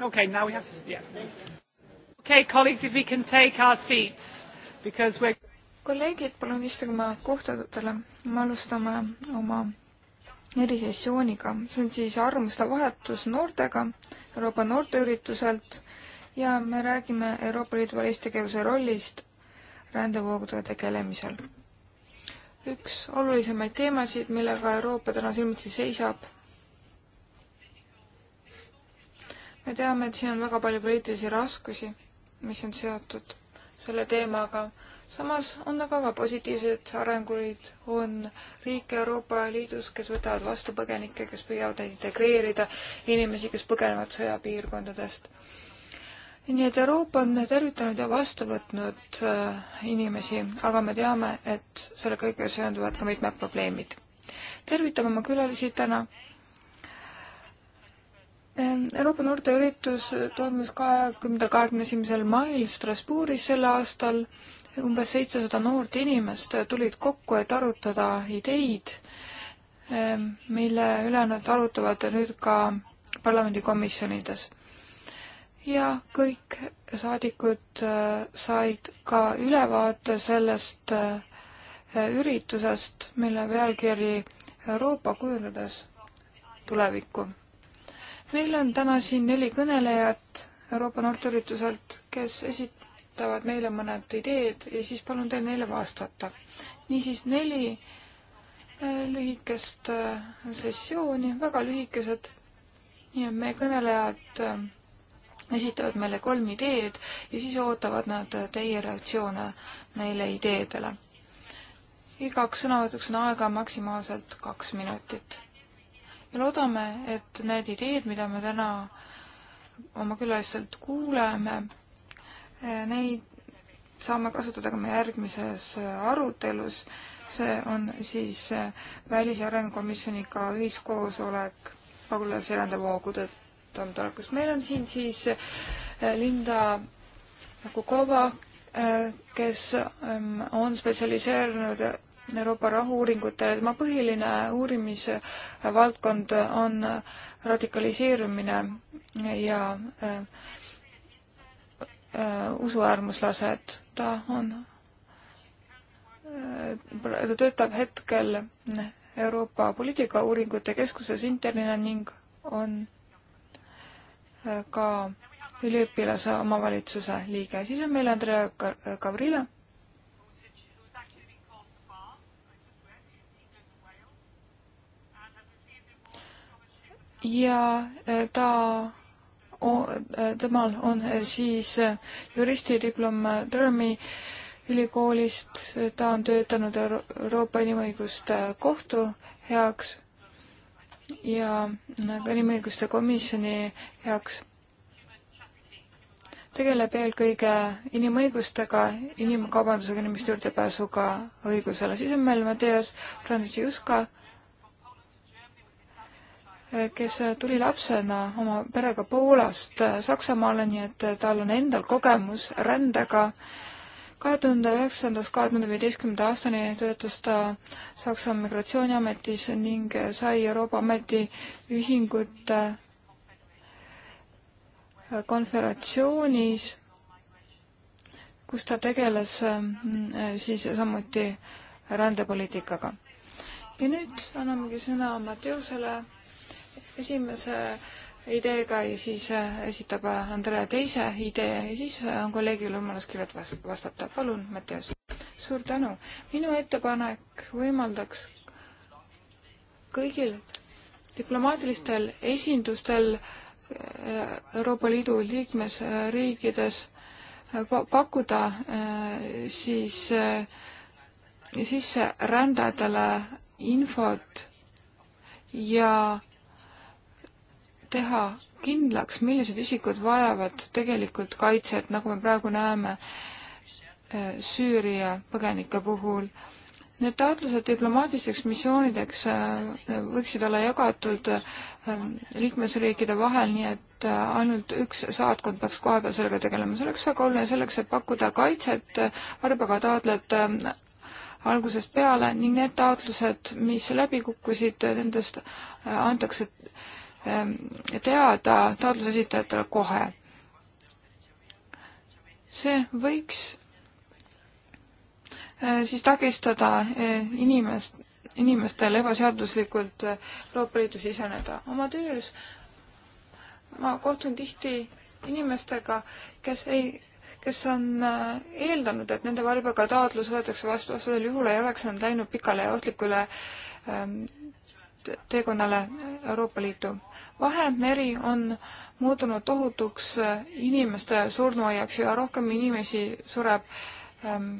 Okay, now we have to. Yeah. Okay, colleagues, if we can take our seats because we're. kolleegid, palun istuge oma kohtadele. me alustame oma erisessiooniga, see on siis arvamuste vahetus noortega Euroopa noorteürituselt ja me räägime Euroopa Liidu välistegevuse rollist rändevoogudega tegelemisel. üks olulisemaid teemasid, millega Euroopa täna silmitsi seisab me teame, et siin on väga palju poliitilisi raskusi, mis on seotud selle teemaga. samas on aga ka positiivseid arenguid, on riike Euroopa Liidus, kes võtavad vastu põgenikke, kes püüavad neid integreerida, inimesi, kes põgenevad sõjapiirkondadest. nii et Euroopa on tervitanud ja vastu võtnud äh, inimesi, aga me teame, et selle kõigega seonduvad ka mitmed probleemid. tervitame oma külalisi täna Ehm, Euroopa noorteüritus toimus kahekümnendal, kahekümne esimesel mail Strasbourgis sel aastal. umbes seitsesada noort inimest tulid kokku, et arutada ideid, ehm, mille üle nad arutavad nüüd ka parlamendikomisjonides. ja kõik saadikud eh, said ka ülevaate sellest eh, üritusest, mille pealkiri Euroopa kujundades tulevikku meil on täna siin neli kõnelejat Euroopa noorteürituselt, kes esitavad meile mõned ideed ja siis palun teil neile vastata. niisiis neli eh, lühikest eh, sessiooni, väga lühikesed. ja meie kõnelejad eh, esitavad meile kolm ideed ja siis ootavad nad teie reaktsioone neile ideedele. igaks sõnavõtuks on aega maksimaalselt kaks minutit ja loodame, et need ideed, mida me täna oma külalistelt kuuleme, eh, neid saame kasutada ka meie järgmises eh, arutelus. see on siis eh, Välis- ja Arengukomisjoniga ühiskoosolek pagulasi rändevoogude toimetulekust. meil on siin siis Linda Kukova, kes mm, on spetsialiseerunud Euroopa rahu-uuringutele. tema põhiline uurimisvaldkond on radikaliseerumine ja äh, äh, usuäärmuslased. ta on äh,, ta töötab hetkel Euroopa poliitikauuringute keskuses internina ning on äh, ka üliõpilase omavalitsuse liige. siis on meil Andrea Gavrila ja e, ta O, e, temal on e, siis juristidiplom Durhami ülikoolist, ta on töötanud Euro Euroopa Inimõiguste Kohtu heaks ja ka Inimõiguste Komisjoni heaks. tegeleb eelkõige inimõigustega, inimkaubandusega, inimeste juurdepääsuga õigusele. siis on meil Mattias Franz Juska, kes tuli lapsena oma perega Poolast Saksamaale, nii et tal on endal kogemus rändega. kahe tuhande üheksandast kahe tuhande viieteistkümnenda aastani töötas ta Saksa migratsiooniametis ning sai Euroopa Ametiühingute konföderatsioonis, kus ta tegeles mm, siis samuti rändepoliitikaga. ja nüüd annamegi sõna Matteusele esimese ideega ja siis äh, esitab äh, Andrea teise idee ja siis äh, on kolleegil võimalus kirjalt vastata. palun, Mattias. suur tänu. minu ettepanek võimaldaks kõigil diplomaatilistel esindustel Euroopa Liidu liikmesriikides pakkuda siis sisserändajatele infot ja teha kindlaks, millised isikud vajavad tegelikult kaitset, nagu me praegu näeme eh, Süüria põgenike puhul. Need taotlused diplomaatilisteks missioonideks eh, võiksid olla jagatud eh, liikmesriikide vahel, nii et ainult üks saatkond peaks kohapeal sellega tegelema. see oleks väga oluline selleks, et pakkuda kaitset varbaga taotlejate algusest peale ning need taotlused, mis läbi kukkusid, nendest antakse Ähm, teada taotluse esitajatele kohe. see võiks äh, siis takistada äh, inimest, inimestel ebaseaduslikult äh, Euroopa Liidu siseneda. oma töös ma kohtun tihti inimestega, kes ei, kes on eeldanud, et nende varjupaiga taotlus võetakse vastu, vastasel juhul ei oleks nad läinud pikale ja ohtlikule ähm, teekonnale Euroopa Liitu. Vahemeri on muutunud tohutuks äh, inimeste surnuaiaks ja rohkem inimesi sureb ähm,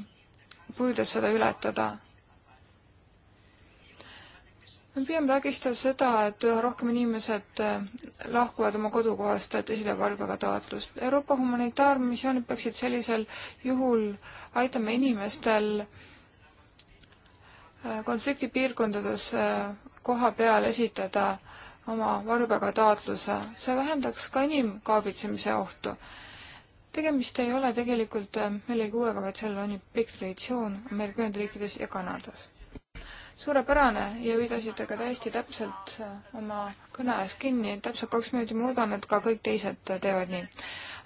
püüdes seda ületada. me püüame takistada seda, et üha rohkem inimesed äh, lahkuvad oma kodukohast, et esitada vargaga taotlust. Euroopa humanitaarmissioonid peaksid sellisel juhul aitama inimestel äh, konfliktipiirkondades koha peal esitada oma varjupaigataotluse, see vähendaks ka inimkaabitsemise ohtu. tegemist ei ole tegelikult äh, millegi uuega, vaid sellel on ju pikk traditsioon Ameerika Ühendriikides ja Kanadas. suurepärane ja pidasite ka täiesti täpselt äh, oma kõne ees kinni, täpselt kaks minutit, ma loodan, et ka kõik teised äh, teevad nii.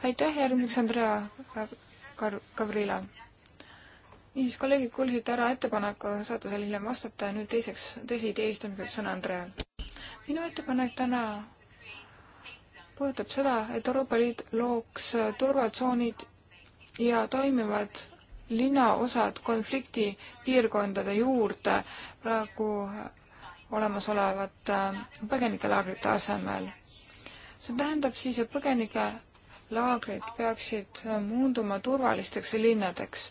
aitäh, järgmiseks Andrea Gavrila niisiis, kolleegid, kuulsite ära ettepaneku, saate selle hiljem vastata ja nüüd teiseks, teise idee istumiseks sõna Andreal. minu ettepanek täna puudutab seda, et Euroopa Liit looks turvatsoonid ja toimivad linnaosad konfliktipiirkondade juurde praegu olemasolevate põgenikelaagrite asemel. see tähendab siis, et põgenikelaagrid peaksid muunduma turvalisteks linnadeks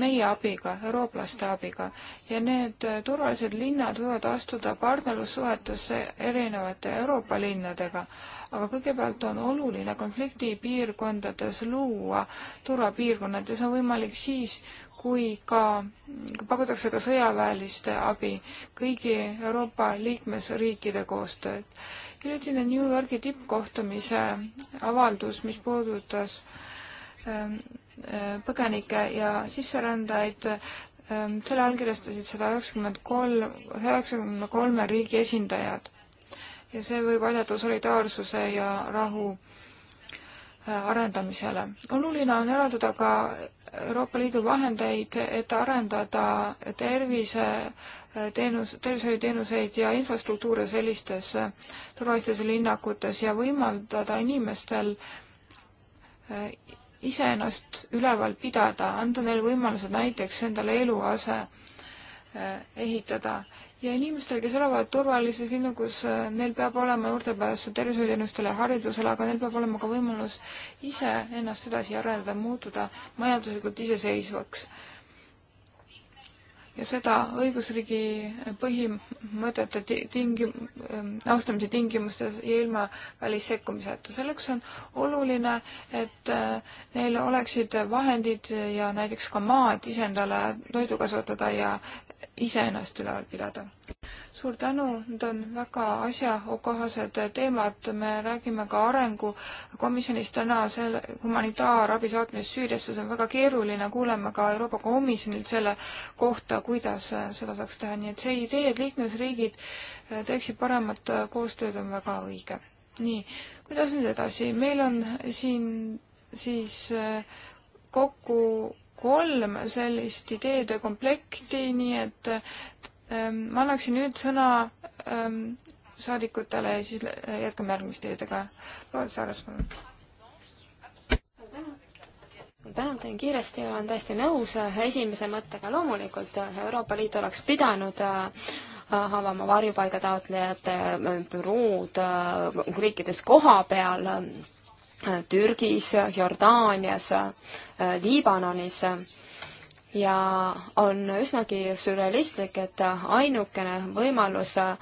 meie abiga, eurooplaste abiga ja need äh, turvalised linnad võivad astuda partnerlussuhetesse erinevate Euroopa linnadega. aga kõigepealt on oluline konfliktipiirkondades luua turvapiirkonnad ja see on võimalik siis, kui ka pakutakse ka sõjaväeliste abi kõigi Euroopa liikmesriikide koostööd. hiljutine New Yorgi tippkohtumise avaldus, mis puudutas ähm, Äh, põgenikke ja sisserändajaid. Ähm, selle allkirjastasid sada üheksakümmend kolm, saja üheksakümne kolme riigi esindajad ja see võib aidata solidaarsuse ja rahu äh, arendamisele. oluline on eraldada ka Euroopa Liidu vahendeid, et arendada tervise äh, teenus, tervishoiuteenuseid ja infrastruktuure sellistes turvalistes linnakutes ja võimaldada inimestel iseennast üleval pidada, anda neile võimalused näiteks endale eluase eh, ehitada ja inimestel, kes elavad turvalises linnukus, eh, neil peab olema juurdepääs tervishoiuteenustele ja haridusele, aga neil peab olema ka võimalus ise ennast edasi arendada, muutuda majanduslikult iseseisvaks ja seda õigusriigi põhimõtete tingi-, ähm, austamise tingimustes ja ilma välissekkumiseta. selleks on oluline, et äh, neil oleksid vahendid ja näiteks ka maad ise endale toidu kasvatada ja iseennast üleval pidada suur tänu, need on väga asjakohased teemad, me räägime ka arengukomisjonis täna selle humanitaarabi saatmisest Süüriasse, see on väga keeruline, kuuleme ka Euroopa Komisjonilt selle kohta, kuidas seda saaks teha, nii et see idee, et liikmesriigid teeksid paremat koostööd, on väga õige. nii, kuidas nüüd edasi, meil on siin siis eh, kokku kolm sellist ideede komplekti, nii et Ehm, ma annaksin nüüd sõna ehm, saadikutele ja siis eh, jätkame järgmiste ideedega. Loodus Aras, palun. suur tänu, teen kiiresti ja olen täiesti nõus eh, esimese mõttega. loomulikult eh, Euroopa Liit oleks pidanud avama varjupaigataotlejate bürood riikides koha peal Türgis, Jordaanias, Liibanonis ja on üsnagi sürrealistlik, et ainukene võimalus äh,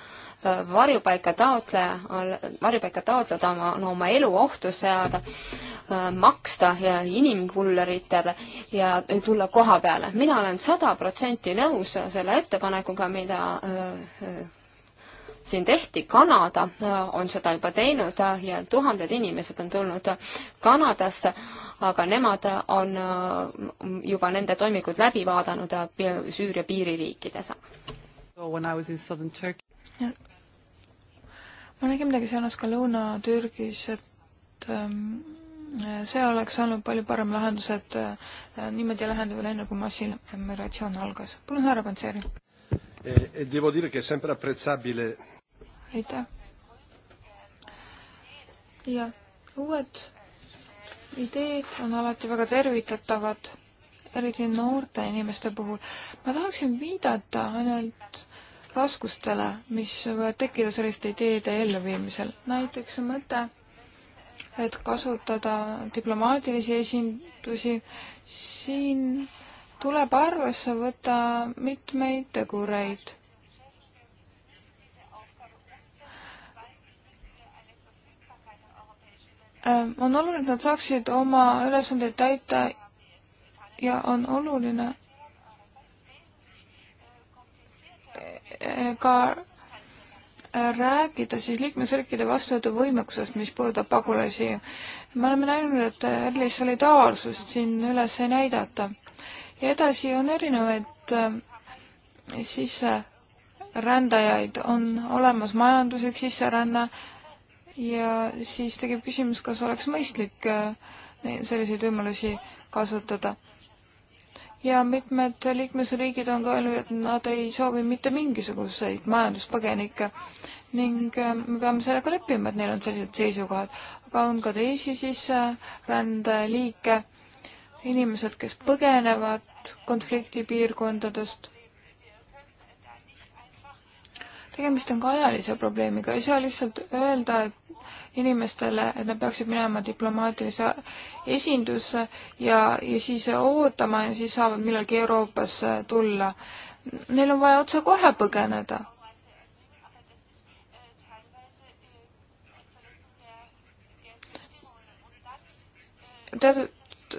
varjupaika taotleja, varjupaika taotleda, oma, on oma elu ohtu seada, äh, maksta inimkulleritele ja tulla koha peale. mina olen sada protsenti nõus selle ettepanekuga, mida äh, siin tehti. Kanada äh, on seda juba teinud äh, ja tuhanded inimesed on tulnud äh, Kanadasse, aga nemad on juba nende toimikud läbi vaadanud Süüria piiririikides. ma nägin midagi sarnast ka Lõuna-Türgis, et ähm, see oleks olnud palju parem lahendus, et niimoodi lahendada enne, kui massiimmigratsioon algas. palun härra Pantseri. Eh, eh, aitäh. ja uued ideed on alati väga tervitatavad, eriti noorte inimeste puhul. ma tahaksin viidata ainult raskustele, mis võivad tekkida selliste ideede elluviimisel. näiteks mõte et kasutada diplomaatilisi esindusi, siin tuleb arvesse võtta mitmeid tegureid. Äh, on oluline, et nad saaksid oma ülesandeid täita ja on oluline äh, ka äh, rääkida siis liikmesriikide vastuvõtuvõimekusest, mis puudutab pagulasi. me oleme näinud, et erilist solidaarsust siin üles ei näidata. ja edasi on erinevaid sisserändajaid, on olemas majanduslik sisseränne, ja siis tekib küsimus, kas oleks mõistlik äh, selliseid võimalusi kasutada. ja mitmed liikmesriigid on ka öelnud, et nad ei soovi mitte mingisuguseid majanduspõgenikke ning äh, me peame sellega leppima, et neil on sellised seisukohad. aga on ka teisi sisserändeliike, äh, inimesed, kes põgenevad konfliktipiirkondadest tegemist on ka ajalise probleemiga, ei saa lihtsalt öelda, et inimestele, et nad peaksid minema diplomaatilise esindusse ja, ja siis ootama ja siis saavad millalgi Euroopasse tulla. Neil on vaja otsekohe põgeneda. teatud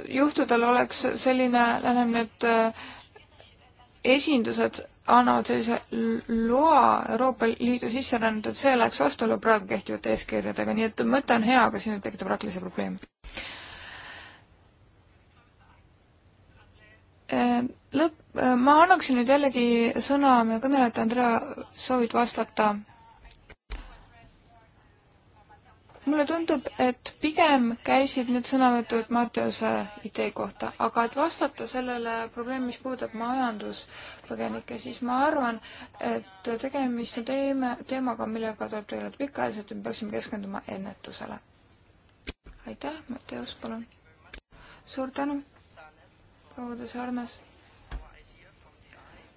juhtudel oleks selline lähenemine, et äh, esindused annavad sellise loa Euroopa Liidu sisserännet, et see läheks vastuollu praegu kehtivate eeskirjadega, nii et mõte on hea, aga siin võib tekkida praktilisi probleeme. Eh, lõpp, eh, ma annaksin nüüd jällegi sõna meie kõnelejate Andrea, soovid vastata mulle tundub, et pigem käisid need sõnavõtud Matteuse idee kohta, aga et vastata sellele probleemile, mis puudutab majanduspõgenikke, siis ma arvan, et tegemist on teeme, teemaga, millega tuleb tegeleda pikaajaliselt ja me peaksime keskenduma ennetusele. aitäh, Matteus, palun. suur tänu, proua de Sarnas.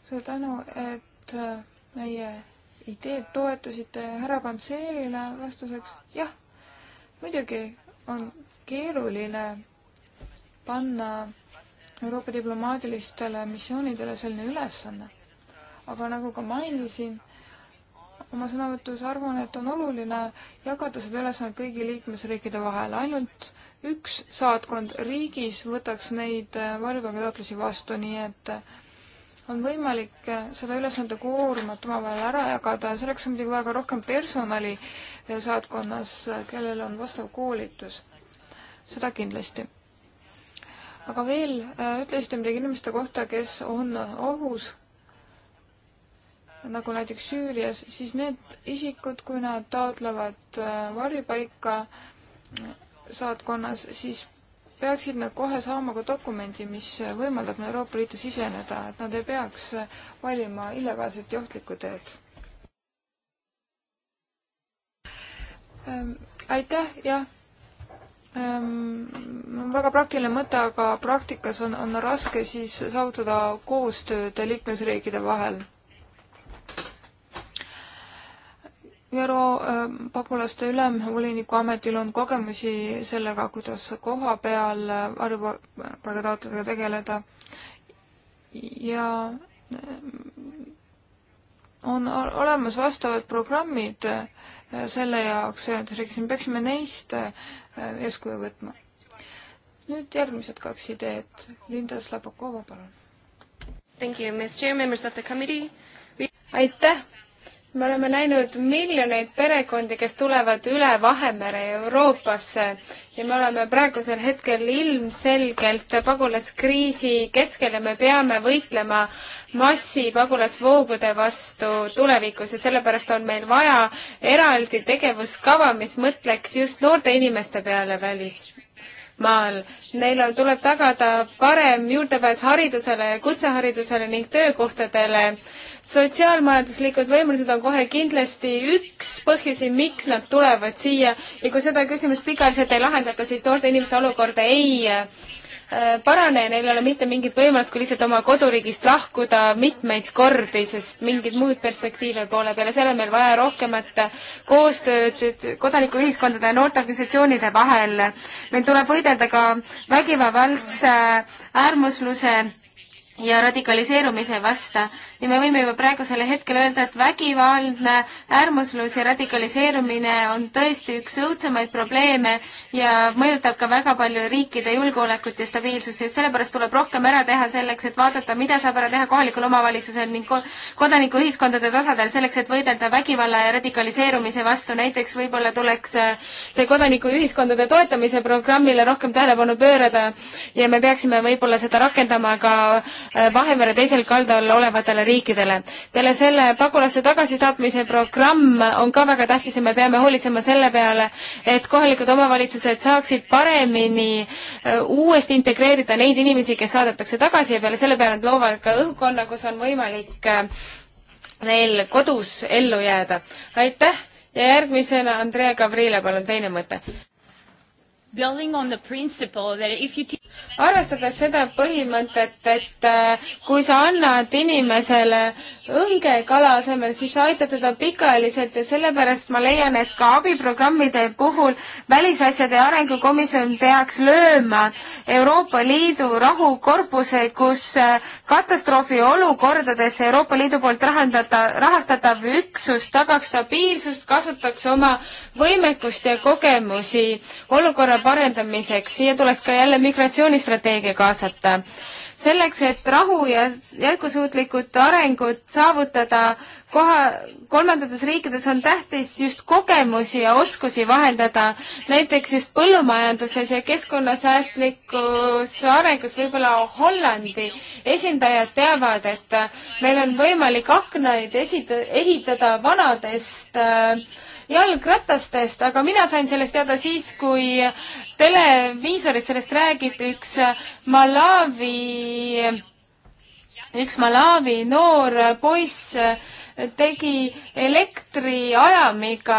suur tänu, et meie ideed toetasite härra Kantseerile vastuseks jah muidugi on keeruline panna Euroopa diplomaatilistele missioonidele selline ülesanne. aga nagu ka mainisin, oma sõnavõtus arvan, et on oluline jagada seda ülesannet kõigi liikmesriikide vahel. ainult üks saatkond riigis võtaks neid varjupaigataotlusi vastu, nii et on võimalik seda ülesande koormat omavahel ära jagada ja selleks on muidugi vaja ka rohkem personali saatkonnas, kellel on vastav koolitus. seda kindlasti. aga veel äh, ütlesite midagi inimeste kohta, kes on ohus, nagu näiteks Süürias, siis need isikud, kui nad taotlevad äh, varjupaika äh, saatkonnas, siis peaksid nad kohe saama ka dokumendi, mis võimaldab neil Euroopa Liitu siseneda, et nad ei peaks valima illegaalset ja ohtlikku teed. Ehm, aitäh, jah. Ehm, väga praktiline mõte, aga praktikas on, on raske siis saavutada koostööd liikmesriikide vahel. ÜRO ehm, pagulaste ülemvoliniku ametil on kogemusi sellega, kuidas koha peal varjupaigataotlejatega tegeleda ja on olemas vastavad programmid selle jaoks, et me peaksime neist äh, eeskuju võtma. nüüd järgmised kaks ideed. Linda Slabakova, palun. aitäh, me oleme näinud miljoneid perekondi, kes tulevad üle Vahemere Euroopasse ja me oleme praegusel hetkel ilmselgelt pagulaskriisi keskel ja me peame võitlema massipagulasvoogude vastu tulevikus ja sellepärast on meil vaja eraldi tegevuskava, mis mõtleks just noorte inimeste peale välis maal. Neil on, tuleb tagada parem juurdepääs haridusele ja kutseharidusele ning töökohtadele. sotsiaalmajanduslikud võimalused on kohe kindlasti üks põhjusi, miks nad tulevad siia ja kui seda küsimust pikaajaliselt ei lahendata, siis noorte inimeste olukorda ei Äh, parane ja neil ei ole mitte mingit võimalust, kui lihtsalt oma koduriigist lahkuda mitmeid kordi, sest mingit muud perspektiive pole. peale selle on meil vaja rohkemat koostööd kodanikuühiskondade ja noorteorganisatsioonide vahel. meil tuleb võidelda ka vägivavaldse äärmusluse ja radikaliseerumise vasta ja me võime juba praegusel hetkel öelda, et vägivaldne äärmuslus ja radikaliseerumine on tõesti üks õudsemaid probleeme ja mõjutab ka väga palju riikide julgeolekut ja stabiilsust. just sellepärast tuleb rohkem ära teha selleks, et vaadata, mida saab ära teha kohalikul omavalitsusel ning kodanikuühiskondade tasandil selleks, et võidelda vägivalla ja radikaliseerumise vastu. näiteks võib-olla tuleks äh, see kodanikuühiskondade toetamise programmile rohkem tähelepanu pöörada ja me peaksime võib-olla seda rakendama ka Äh, Vahemere teisel kaldal olevatele riikidele. peale selle pagulaste tagasisaatmise programm on ka väga tähtis ja me peame hoolitsema selle peale, et kohalikud omavalitsused saaksid paremini äh, uuesti integreerida neid inimesi, kes saadetakse tagasi ja peale selle peale nad loovad ka õhkkonna, kus on võimalik äh, neil kodus ellu jääda. aitäh ja järgmisena Andrea Gavrile, palun teine mõte arvestades seda põhimõtet, et äh, kui sa annad inimesele õnge kala asemel, siis aita teda pikaajaliselt ja sellepärast ma leian, et ka abiprogrammide puhul Välisasjade Arengukomisjon peaks lööma Euroopa Liidu rahukorpuse, kus äh, katastroofiolukordades Euroopa Liidu poolt rahendada, rahastatav üksus tagaks stabiilsust, kasutaks oma võimekust ja kogemusi olukorra parendamiseks, siia tuleks ka jälle migratsioonistrateegia kaasata selleks, et rahu ja jätkusuutlikud arengud saavutada koha, kolmandates riikides on tähtis just kogemusi ja oskusi vahendada, näiteks just põllumajanduses ja keskkonnasäästlikus arengus võib-olla Hollandi esindajad teavad, et äh, meil on võimalik aknaid esit-, ehitada vanadest äh, jalgratastest, aga mina sain sellest teada siis, kui televiisoris sellest räägiti, üks Malawi, üks Malawi noor poiss tegi elektriajamiga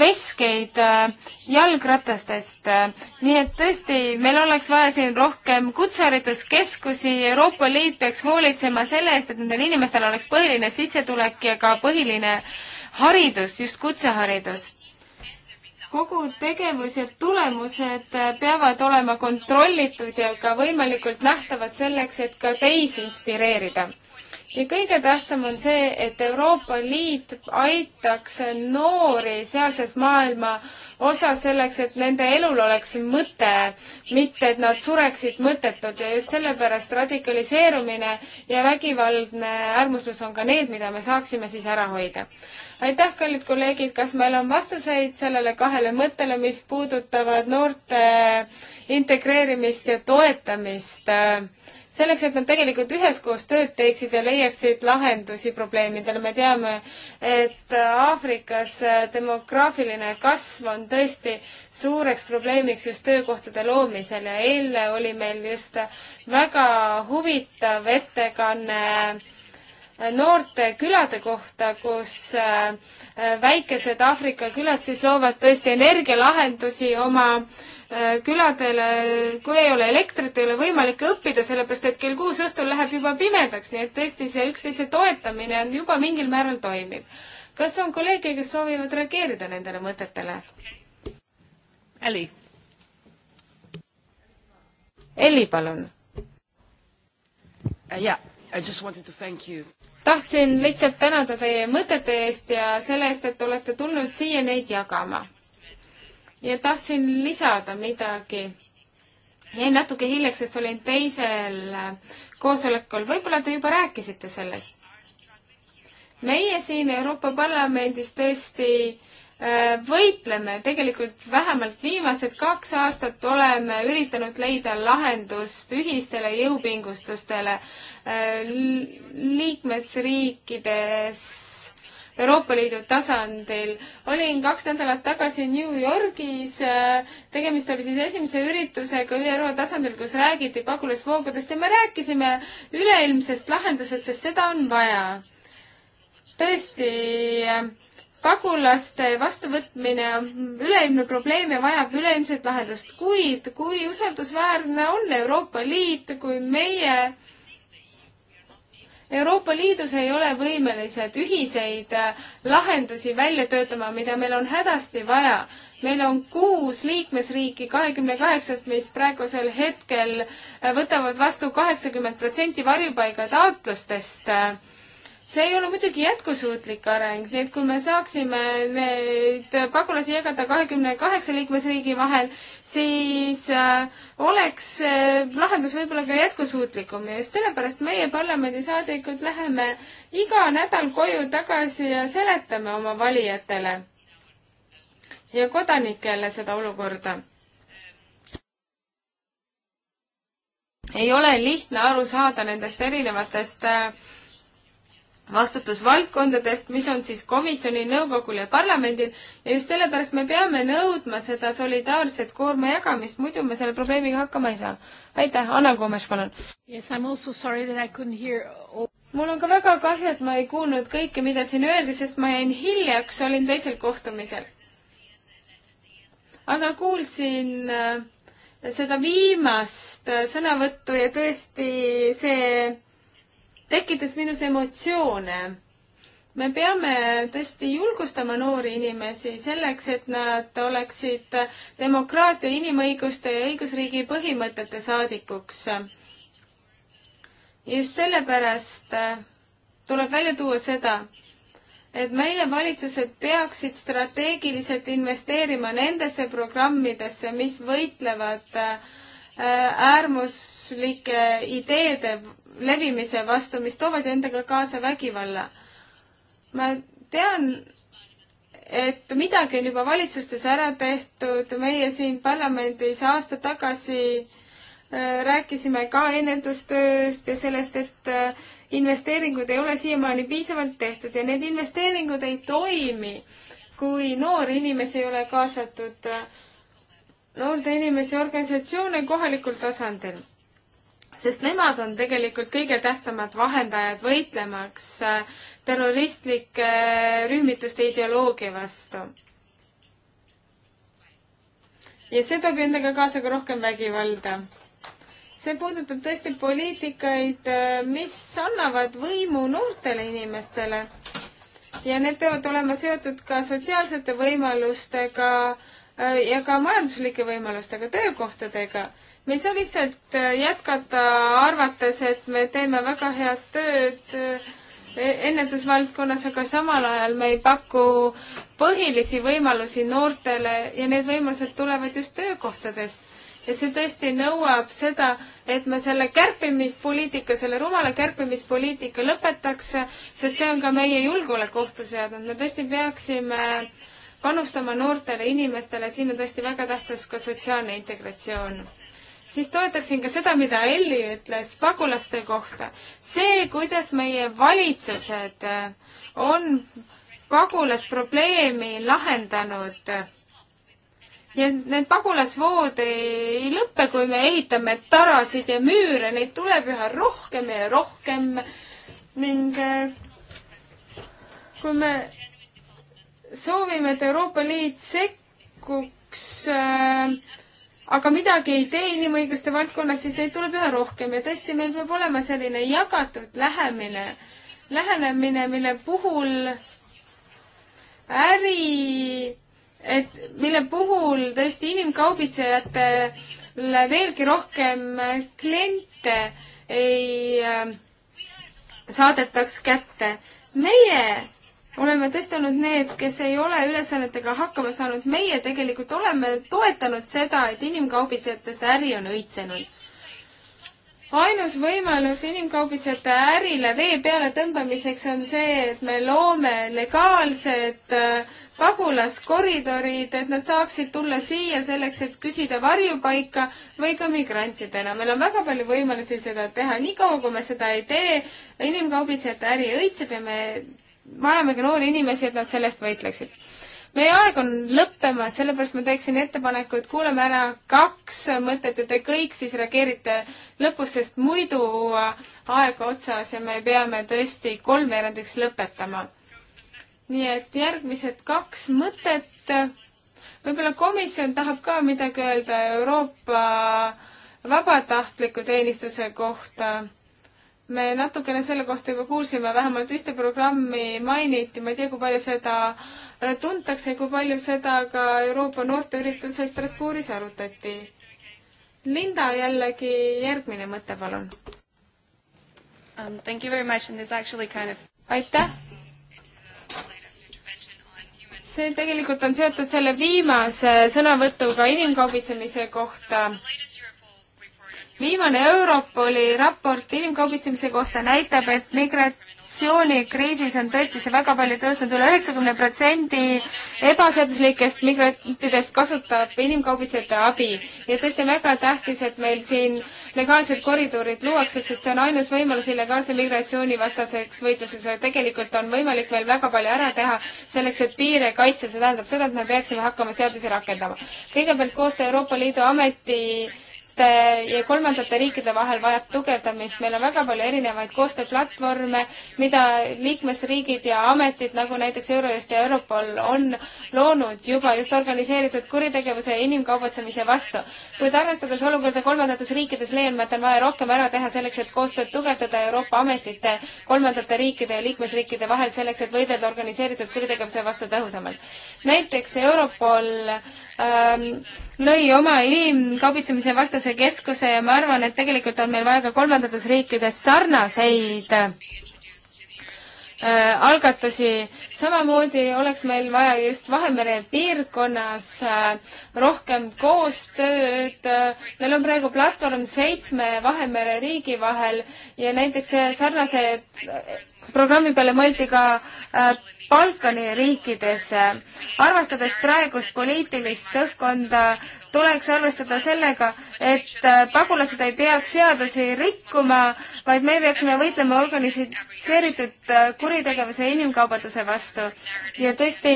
veskeid jalgratastest. nii et tõesti, meil oleks vaja siin rohkem kutsehariduskeskusi, Euroopa Liit peaks hoolitsema selle eest, et nendel inimestel oleks põhiline sissetulek ja ka põhiline haridus, just kutseharidus kogu tegevus ja tulemused äh, peavad olema kontrollitud ja ka võimalikult nähtavad selleks, et ka teisi inspireerida ja kõige tähtsam on see, et Euroopa Liit aitaks noori sealses maailma osas selleks, et nende elul oleks mõte, mitte et nad sureksid mõttetult ja just sellepärast radikaliseerumine ja vägivaldne äärmuslus on ka need, mida me saaksime siis ära hoida. aitäh, kallid kolleegid, kas meil on vastuseid sellele kahele mõttele, mis puudutavad noorte integreerimist ja toetamist äh, selleks, et nad tegelikult üheskoos tööd teeksid ja leiaksid lahendusi probleemidele. me teame, et Aafrikas demograafiline kasv on tõesti suureks probleemiks just töökohtade loomisel ja eile oli meil just väga huvitav ettekanne noorte külade kohta, kus äh, väikesed Aafrika külad siis loovad tõesti energialahendusi oma äh, küladele, kui ei ole elektrit, ei ole võimalik õppida, sellepärast et kell kuus õhtul läheb juba pimedaks, nii et tõesti see üksteise toetamine on juba mingil määral toimib. kas on kolleege, kes soovivad reageerida nendele mõtetele? Äli. Elli, palun. jaa, uh, I just wanted to thank you tahtsin lihtsalt tänada teie mõtete eest ja selle eest, et olete tulnud siia neid jagama. ja tahtsin lisada midagi. jäin natuke hiljaks, sest olin teisel koosolekul, võib-olla te juba rääkisite sellest. meie siin Euroopa Parlamendis tõesti Äh, võitleme, tegelikult vähemalt viimased kaks aastat oleme üritanud leida lahendust ühistele jõupingustustele äh, liikmesriikides Euroopa Liidu tasandil. olin kaks nädalat tagasi New Yorgis, äh, tegemist oli siis esimese üritusega ÜRO tasandil, kus räägiti pagulasvoogudest ja me rääkisime üleilmsest lahendusest, sest seda on vaja. tõesti pagulaste vastuvõtmine on üleilmne probleem ja vajab üleilmset lahendust, kuid kui usaldusväärne on Euroopa Liit, kui meie Euroopa Liidus ei ole võimelised ühiseid äh, lahendusi välja töötama, mida meil on hädasti vaja. meil on kuus liikmesriiki kahekümne kaheksast, mis praegusel hetkel äh, võtavad vastu kaheksakümmend protsenti varjupaigataotlustest see ei ole muidugi jätkusuutlik areng, nii et kui me saaksime neid pagulasi jagada kahekümne kaheksa liikmesriigi vahel, siis äh, oleks lahendus võib-olla ka jätkusuutlikum ja just sellepärast meie parlamendisaadikud läheme iga nädal koju tagasi ja seletame oma valijatele ja kodanikele seda olukorda ei ole lihtne aru saada nendest erinevatest äh, vastutusvaldkondadest, mis on siis komisjoni, nõukogul ja parlamendil ja just sellepärast me peame nõudma seda solidaarset koorma jagamist, muidu me selle probleemiga hakkama ei saa. aitäh, Anna Kuumes, palun yes,! mul on ka väga kahju, et ma ei kuulnud kõike, mida siin öeldi, sest ma jäin hiljaks, olin teisel kohtumisel. aga kuulsin äh, seda viimast äh, sõnavõttu ja tõesti see tekitas minus emotsioone. me peame tõesti julgustama noori inimesi selleks, et nad oleksid demokraatia, inimõiguste ja õigusriigi põhimõtete saadikuks. just sellepärast tuleb välja tuua seda, et meie valitsused peaksid strateegiliselt investeerima nendesse programmidesse, mis võitlevad äh, äärmuslike ideede levimise vastu, mis toovad ju endaga kaasa vägivalla. ma tean, et midagi on juba valitsustes ära tehtud, meie siin parlamendis aasta tagasi äh, rääkisime ka ennetustööst ja sellest, et äh, investeeringud ei ole siiamaani piisavalt tehtud ja need investeeringud ei toimi, kui noori inimesi ei ole kaasatud, noorte inimesi, organisatsioone kohalikul tasandil sest nemad on tegelikult kõige tähtsamad vahendajad võitlemaks äh, terroristlike äh, rühmituste ideoloogia vastu. ja see toob endaga kaasa ka rohkem vägivalda see puudutab tõesti poliitikaid, äh, mis annavad võimu noortele inimestele. ja need peavad olema seotud ka sotsiaalsete võimalustega ja ka majanduslike võimalustega, töökohtadega me ei saa lihtsalt äh, jätkata arvates, et me teeme väga head tööd äh, e-, ennetusvaldkonnas, aga samal ajal me ei paku põhilisi võimalusi noortele ja need võimalused tulevad just töökohtadest. ja see tõesti nõuab seda, et me selle kärpimispoliitika, selle rumala kärpimispoliitika lõpetaks, sest see on ka meie julgeoleku ohtu seadnud. me tõesti peaksime panustama noortele inimestele, siin on tõesti väga tähtis ka sotsiaalne integratsioon siis toetaksin ka seda, mida Elli ütles pagulaste kohta. see, kuidas meie valitsused äh, on pagulasprobleemi lahendanud ja need pagulasvood ei lõpe, kui me ehitame tarasid ja müüre, neid tuleb üha rohkem ja rohkem ning äh, kui me soovime, et Euroopa Liit sekkuks äh, aga midagi ei tee inimõiguste valdkonnas, siis neid tuleb üha rohkem ja tõesti, meil peab olema selline jagatud lähemine, lähenemine, mille puhul äri, et mille puhul tõesti inimkaubitsejatele veelgi rohkem kliente ei äh, saadetaks kätte. meie oleme tõesti olnud need, kes ei ole ülesannetega hakkama saanud. meie tegelikult oleme toetanud seda, et inimkaubitsejatest äri on õitsenud. ainus võimalus inimkaubitsejate ärile vee peale tõmbamiseks on see, et me loome legaalsed äh, pagulaskoridorid, et nad saaksid tulla siia selleks, et küsida varjupaika või ka migrantidena. meil on väga palju võimalusi seda teha, niikaua kui me seda ei tee, inimkaubitsejate äri õitseb ja me vajamegi noori inimesi, et nad selle eest võitleksid. meie aeg on lõppemas, sellepärast ma teeksin ettepaneku, et kuulame ära kaks mõtet ja te kõik siis reageerite lõpus, sest muidu aeg otsas ja me peame tõesti kolmveerandiks lõpetama. nii et järgmised kaks mõtet. võib-olla komisjon tahab ka midagi öelda Euroopa vabatahtliku teenistuse kohta me natukene selle kohta juba kuulsime, vähemalt ühte programmi mainiti, ma ei tea, kui palju seda äh, tuntakse, kui palju seda ka Euroopa noorteüritusel Strasbourgis arutati. Linda, jällegi järgmine mõte, palun um,. Thank you very much and this actually kind of aitäh! see tegelikult on seotud selle viimase sõnavõtuga inimkaubitsemise kohta viimane Europoli raport inimkaubitsemise kohta näitab, et migratsioonikriisis on tõesti see väga palju tõusnud üle, üle üheksakümne protsendi ebaseaduslikest migrantidest kasutab inimkaubitsejate abi. ja tõesti on väga tähtis, et meil siin legaalsed koridorid luuakse, sest see on ainus võimalus illegaalse migratsiooni vastaseks võitluses ja tegelikult on võimalik veel väga palju ära teha selleks, et piire kaitsta, see tähendab seda, et me peaksime hakkama seadusi rakendama. kõigepealt koostöö Euroopa Liidu ameti ja kolmandate riikide vahel vajab tugevdamist. meil on väga palju erinevaid koostööplatvorme, mida liikmesriigid ja ametid, nagu näiteks Eurojust ja Europol, on loonud juba just organiseeritud kuritegevuse ja inimkaubitsemise vastu. kuid arvestades olukorda kolmandates riikides, leian ma, et on vaja rohkem ära teha selleks, et koostööd tugevdada Euroopa ametite kolmandate riikide ja liikmesriikide vahel, selleks et võidelda organiseeritud kuritegevuse vastu tõhusamalt. näiteks Europol ähm, lõi oma inimkaubitsemise vastase keskuse ja ma arvan, et tegelikult on meil vaja ka kolmandates riikides sarnaseid äh, algatusi. samamoodi oleks meil vaja just Vahemere piirkonnas äh, rohkem koostööd. meil on praegu platvorm seitsme Vahemere riigi vahel ja näiteks sarnased programmi peale mõeldi ka äh, Balkani riikides. arvestades praegust poliitilist õhkkonda, tuleks arvestada sellega, et äh, pagulased ei peaks seadusi rikkuma, vaid me peaksime võitlema organiseeritud äh, kuritegevuse ja inimkaubanduse vastu. ja tõesti,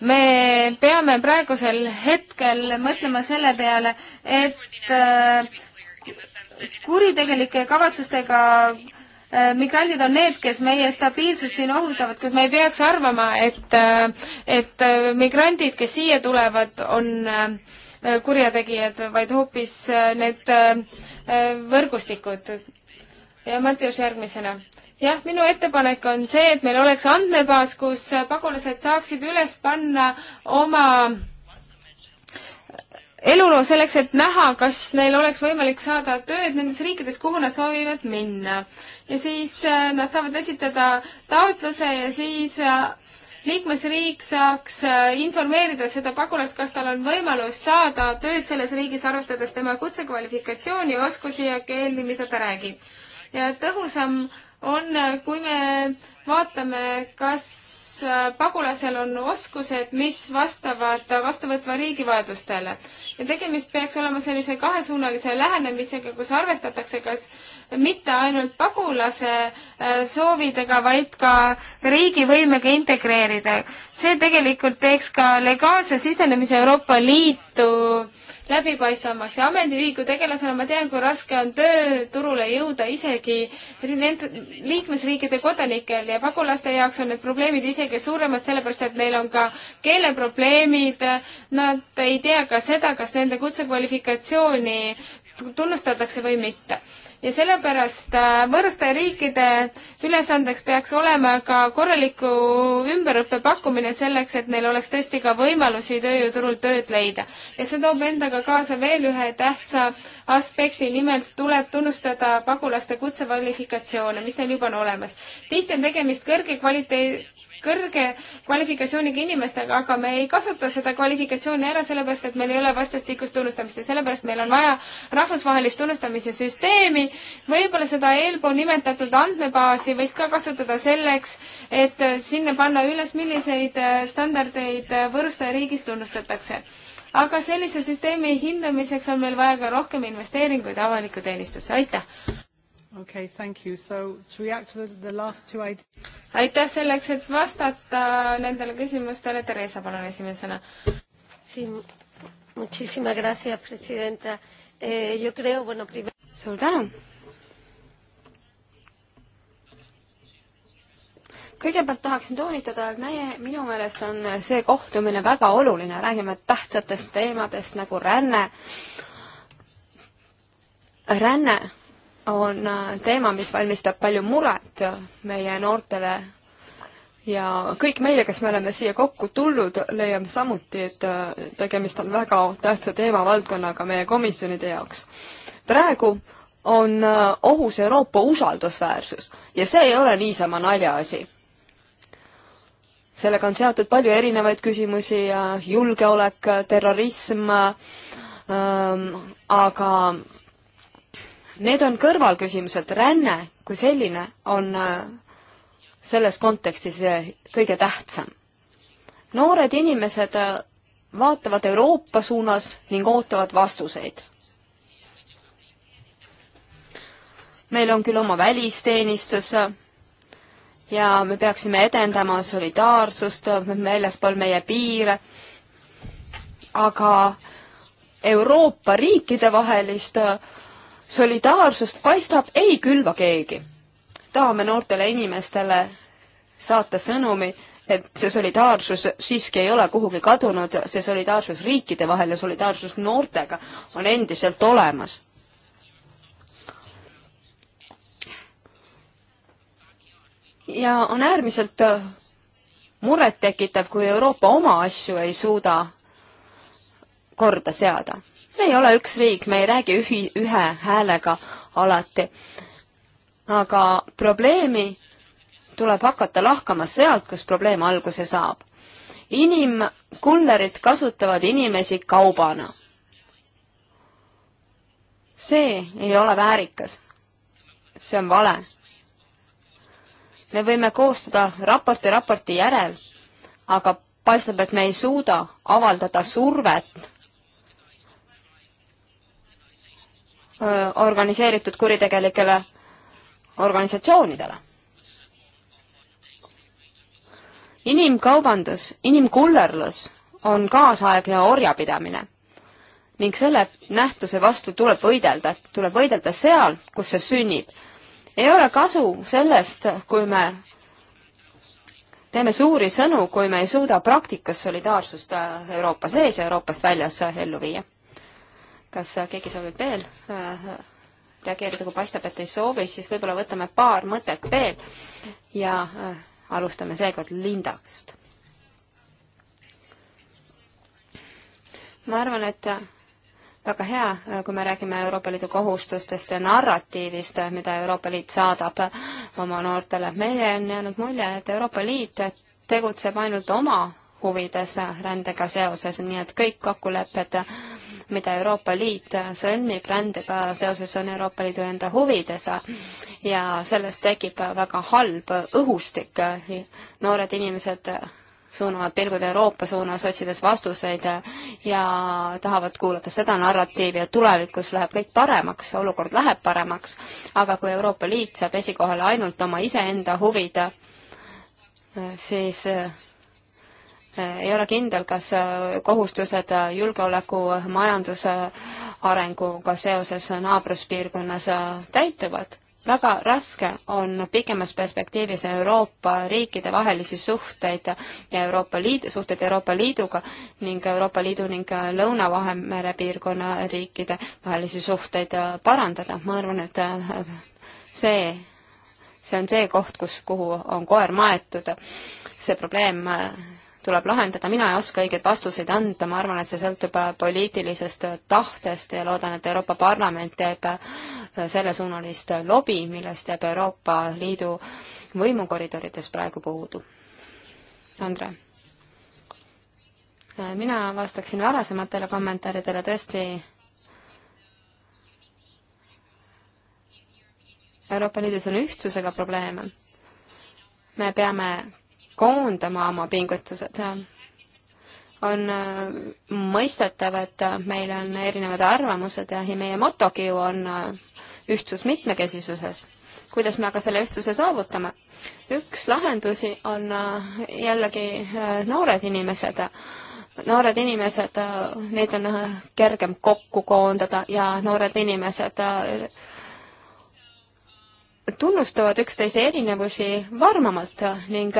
me peame praegusel hetkel mõtlema selle peale, et kuritegelike kavatsustega äh, Äh, migrandid on need, kes meie stabiilsust siin ohustavad, kuid me ei peaks arvama, et, äh, et äh, migrandid, kes siia tulevad, on kurjategijad, vaid hoopis need võrgustikud. ja Mattias järgmisena. jah, minu ettepanek on see, et meil oleks andmebaas, kus pagulased saaksid üles panna oma eluloo selleks, et näha, kas neil oleks võimalik saada tööd nendes riikides, kuhu nad soovivad minna. ja siis äh, nad saavad esitada taotluse ja siis äh, liikmesriik saaks äh, informeerida seda pagulast, kas tal on võimalus saada tööd selles riigis, arvestades tema kutsekvalifikatsiooni, oskusi ja keeli, mida ta räägib. ja tõhusam on, kui me vaatame, kas pagulasel on oskused, mis vastavad vastuvõtva riigi vajadustele. ja tegemist peaks olema sellise kahesuunalise lähenemisega, kus arvestatakse, kas mitte ainult pagulase äh, soovidega, vaid ka riigivõimega integreerida. see tegelikult teeks ka legaalse sisenemise Euroopa Liitu läbipaistvamaks ja ametiühingu tegelasena ma tean, kui raske on tööturule jõuda isegi nende liikmesriikide kodanikel ja pagulaste jaoks on need probleemid isegi suuremad, sellepärast et neil on ka keeleprobleemid, nad ei tea ka seda, kas nende kutsekvalifikatsiooni tunnustatakse või mitte ja sellepärast äh, võõrustajariikide ülesandeks peaks olema ka korraliku ümberõppe pakkumine selleks, et neil oleks tõesti ka võimalusi tööjõuturul tööd leida. ja see toob endaga kaasa veel ühe tähtsa aspekti, nimelt tuleb tunnustada pagulaste kutsekvalifikatsioone, mis neil juba on olemas. tihti on tegemist kõrge kvaliteet, kõrge kvalifikatsiooniga inimestega, aga me ei kasuta seda kvalifikatsiooni ära, sellepärast et meil ei ole vastastikust tunnustamist ja sellepärast meil on vaja rahvusvahelist tunnustamise süsteemi. võib-olla seda eelpool nimetatud andmebaasi võiks ka kasutada selleks, et sinna panna üles, milliseid äh, standardeid äh, võõrustajariigis tunnustatakse aga sellise süsteemi hindamiseks on meil vaja ka rohkem investeeringuid avalikku teenistusse, aitäh! Okay, thank you. So to react to the, the last two ideas. aitäh selleks, et vastata nendele küsimustele, Theresa, palun esimesena. Muchísimas gracias, presidenta. Eh, yo creo, bueno, primero. suur tänu. kõigepealt tahaksin toonitada, et meie, minu meelest on see kohtumine väga oluline, räägime tähtsatest teemadest nagu ränne. ränne on äh, teema, mis valmistab palju muret äh, meie noortele ja kõik meie, kes me oleme siia kokku tulnud, leiame samuti, et äh, tegemist on väga tähtsa teemavaldkonnaga meie komisjonide jaoks. praegu on ohus Euroopa usaldusväärsus ja see ei ole niisama naljaasi sellega on seotud palju erinevaid küsimusi, julgeolek, terrorism ähm,, aga Need on kõrvalküsimused, ränne kui selline on äh, selles kontekstis äh, kõige tähtsam. noored inimesed äh, vaatavad Euroopa suunas ning ootavad vastuseid meil on küll oma välisteenistus ja me peaksime edendama solidaarsust väljaspool meie piire, aga Euroopa riikide vahelist solidaarsust paistab, ei külva keegi. tahame noortele inimestele saata sõnumi, et see solidaarsus siiski ei ole kuhugi kadunud, see solidaarsus riikide vahel ja solidaarsus noortega on endiselt olemas. ja on äärmiselt murettekitav, kui Euroopa oma asju ei suuda korda seada me ei ole üks riik, me ei räägi ühi, ühe häälega alati. aga probleemi tuleb hakata lahkama sealt, kus probleem alguse saab. inimkullerid kasutavad inimesi kaubana. see ei ole väärikas. see on vale. me võime koostada raporti raporti järel, aga paistab, et me ei suuda avaldada survet organiseeritud kuritegelikele organisatsioonidele. inimkaubandus, inimkullerlus on kaasaegne orjapidamine ning selle nähtuse vastu tuleb võidelda, tuleb võidelda seal, kus see sünnib. ei ole kasu sellest, kui me teeme suuri sõnu, kui me ei suuda praktikas solidaarsust äh, Euroopa sees ja Euroopast väljas äh, ellu viia kas keegi soovib veel äh, reageerida, kui paistab, et ei soovi, siis võib-olla võtame paar mõtet veel ja äh, alustame seekord Lindast. ma arvan, et äh, väga hea, kui me räägime Euroopa Liidu kohustustest ja narratiivist, mida Euroopa Liit saadab oma noortele. meile on jäänud mulje, et Euroopa Liit tegutseb ainult oma huvides rändega seoses, nii et kõik kokkulepped mida Euroopa Liit sõlmib rändega seoses, on Euroopa Liidu enda huvides ja sellest tekib väga halb õhustik. noored inimesed suunavad pilgud Euroopa suunas, otsides vastuseid ja tahavad kuulata seda narratiivi, et tulevikus läheb kõik paremaks, olukord läheb paremaks, aga kui Euroopa Liit saab esikohale ainult oma iseenda huvid, siis ei ole kindel, kas äh, kohustused äh, julgeoleku äh, majanduse arenguga seoses naabruspiirkonnas täituvad. väga raske on pikemas perspektiivis Euroopa riikide vahelisi suhteid ja Euroopa Liidu, suhteid Euroopa Liiduga ning Euroopa Liidu ning Lõuna-Vahemere piirkonna riikide vahelisi suhteid parandada. ma arvan, et see see on see koht, kus, kuhu on koer maetud. see probleem tuleb lahendada, mina ei oska õigeid vastuseid anda, ma arvan, et see sõltub äh, poliitilisest äh, tahtest ja loodan, et Euroopa Parlament teeb äh, sellesuunalist lobi, millest jääb Euroopa Liidu võimukoridorides praegu puudu. Andre? mina vastaksin varasematele kommentaaridele, tõesti Euroopa Liidus on ühtsusega probleeme. me peame koondama oma pingutused. on äh, mõistetav, et äh, meil on erinevad arvamused ja meie motogi ju on äh, ühtsus mitmekesisuses. kuidas me aga selle ühtsuse saavutame? üks lahendusi on jällegi noored inimesed noored inimesed, neid on kergem kokku koondada ja noored inimesed tunnustavad üksteise erinevusi varmamalt ning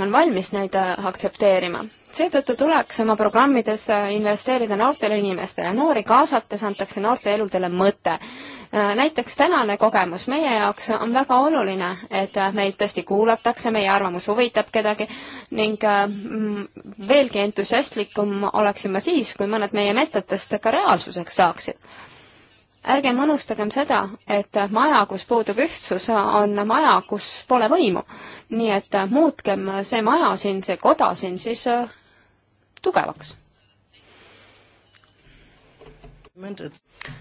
on valmis neid äh, aktsepteerima. seetõttu tuleks oma programmides äh, investeerida noortele inimestele. noori kaasates antakse noorte eludele mõte. Äh, näiteks tänane kogemus meie jaoks on väga oluline, et meid tõesti kuulatakse, meie arvamus huvitab kedagi ning veelgi entusiastlikum oleksin ma siis, kui mõned meie metetest ka reaalsuseks saaksid ärgem unustagem seda, et maja, kus puudub ühtsus, on maja, kus pole võimu. nii et muutkem see maja siin, see koda siin siis äh, tugevaks.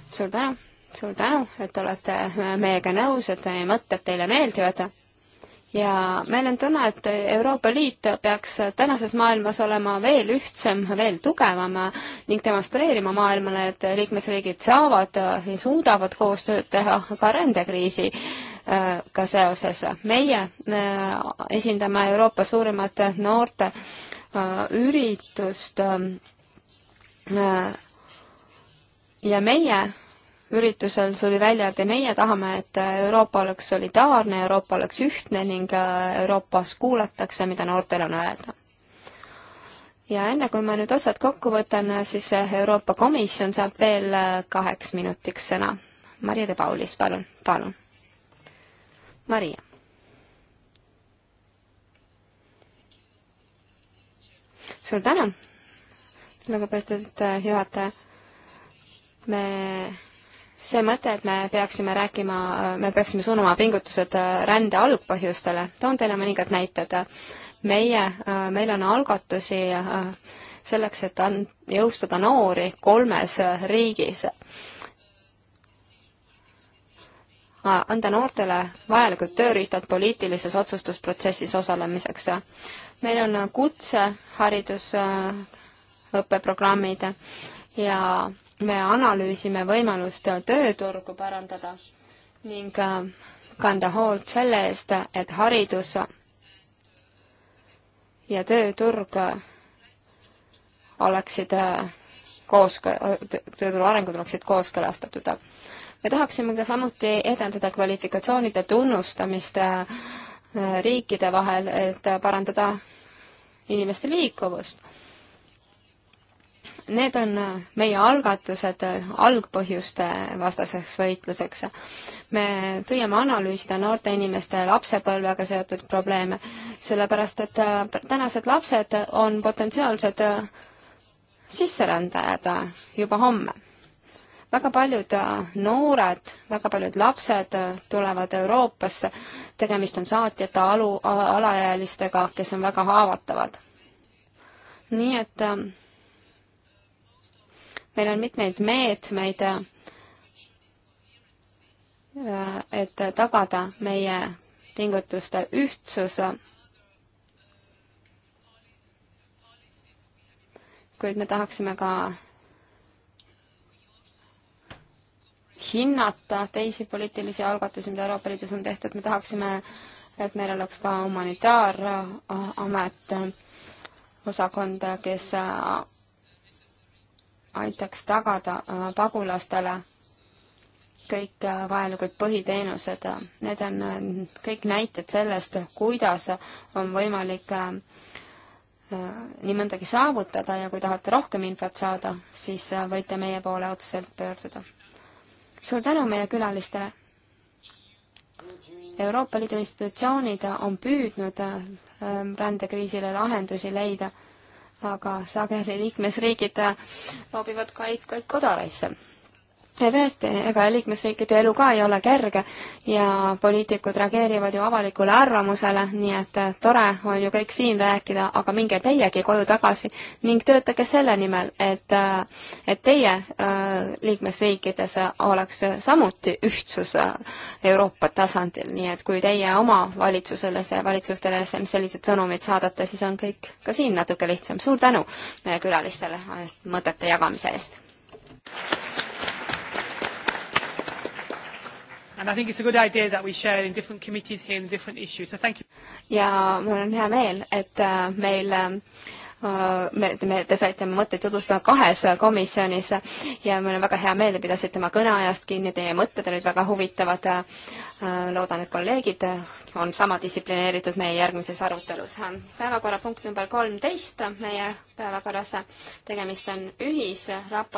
suur tänu, suur tänu, et olete meiega nõus, et meie mõtted teile meeldivad ja meil on tunne, et Euroopa Liit peaks tänases maailmas olema veel ühtsem, veel tugevam ning demonstreerima maailmale, et liikmesriigid saavad ja suudavad koostööd teha ka rändekriisi äh, ka seoses. meie me äh, esindame Euroopa suurimat noorte äh, üritust ja meie üritusel tuli välja, et meie tahame, et Euroopa oleks solidaarne, Euroopa oleks ühtne ning äh, Euroopas kuulatakse, mida noortel on öelda. ja enne, kui ma nüüd osad kokku võtan, siis äh, Euroopa Komisjon saab veel äh, kaheks minutiks sõna. Maria de Paulis, palun, palun. Maria. suur tänu, lugupeetud juhataja. me see mõte, et me peaksime rääkima, me peaksime suunama pingutused äh, rände algpõhjustele, toon teile mõningad näited. meie, äh, meil on algatusi äh, selleks, et an-, jõustada noori kolmes riigis. anda noortele vajalikud tööriistad poliitilises otsustusprotsessis osalemiseks. meil on kutseharidus õppeprogrammid ja me analüüsime võimalust tööturgu parandada ning äh, kanda hoolt selle eest, et haridus ja tööturg oleksid äh, koos, tööturu arengud oleksid kooskõlastatud. me tahaksime ka samuti edendada kvalifikatsioonide tunnustamist äh, riikide vahel, et parandada inimeste liikuvust Need on äh, meie algatused äh, algpõhjuste vastaseks võitluseks. me püüame analüüsida noorte inimeste lapsepõlvega seotud probleeme, sellepärast et äh, tänased lapsed on potentsiaalsed sisserändajad juba homme. väga paljud noored, väga paljud lapsed tulevad Euroopasse, tegemist on saatjate alu, alaealistega, kes on väga haavatavad. nii et meil on mitmeid meetmeid, äh, et tagada meie pingutuste ühtsus, kuid me tahaksime ka hinnata teisi poliitilisi algatusi, mida Euroopa Liidus on tehtud, me tahaksime, et meil oleks ka humanitaaramet, osakond, kes aitaks tagada äh, pagulastele kõik äh, vajalikud põhiteenused. Need on äh, kõik näited sellest, kuidas on võimalik nii mõndagi saavutada ja kui tahate rohkem infot saada, siis võite meie poole otseselt pöörduda. suur tänu meie külalistele! Euroopa Liidu institutsioonid on püüdnud rändekriisile lahendusi leida aga sageli liikmesriigid loobivad ka ikka kodaraisse ja tõesti, ega liikmesriikide elu ka ei ole kerge ja poliitikud reageerivad ju avalikule arvamusele, nii et äh, tore on ju kõik siin rääkida, aga minge teiegi koju tagasi ning töötage selle nimel, et, äh, et teie äh, liikmesriikides oleks samuti ühtsus Euroopa tasandil, nii et kui teie oma valitsusele, valitsustele sellised sõnumid saadate, siis on kõik ka siin natuke lihtsam. suur tänu meie külalistele mõtete jagamise eest! And I think it's a good idea that we share in different committees here in different issues. So thank you. ja mul on hea meel, et äh, meil äh, me, me, te saite oma mõtteid tutvustada kahes komisjonis ja mul on väga hea meel, te pidasite oma kõneajast kinni, teie mõtted olid väga huvitavad. Äh, loodan, et kolleegid on sama distsiplineeritud meie järgmises arutelus. päevakorrapunkt number kolmteist meie päevakorras, tegemist on ühisraport.